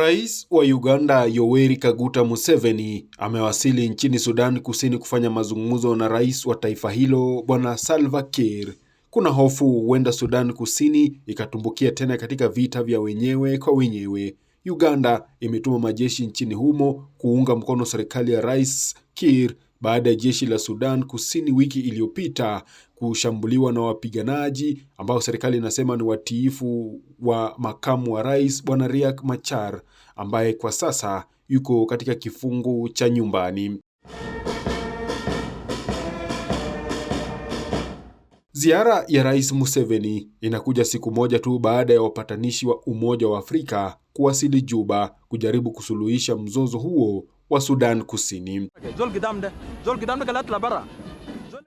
Rais wa Uganda Yoweri Kaguta Museveni amewasili nchini Sudan Kusini kufanya mazungumzo na rais wa taifa hilo Bwana Salva Kiir. Kuna hofu huenda Sudan Kusini ikatumbukia tena katika vita vya wenyewe kwa wenyewe. Uganda imetuma majeshi nchini humo kuunga mkono serikali ya Rais Kiir baada ya jeshi la Sudan Kusini wiki iliyopita kushambuliwa na wapiganaji ambao serikali inasema ni watiifu wa makamu wa rais Bwana Riek Machar ambaye kwa sasa yuko katika kifungo cha nyumbani. Ziara ya Rais Museveni inakuja siku moja tu baada ya wapatanishi wa Umoja wa Afrika kuwasili Juba kujaribu kusuluhisha mzozo huo wa Sudan Kusini.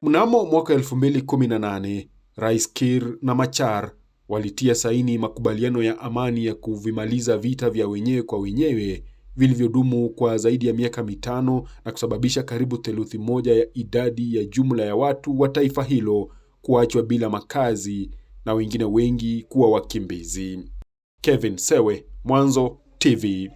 Mnamo mwaka 2018 Rais kir na Machar walitia saini makubaliano ya amani ya kuvimaliza vita vya wenyewe kwa wenyewe vilivyodumu kwa zaidi ya miaka mitano na kusababisha karibu theluthi moja ya idadi ya jumla ya watu wa taifa hilo kuachwa bila makazi na wengine wengi kuwa wakimbizi. Kevin Sewe, Mwanzo TV.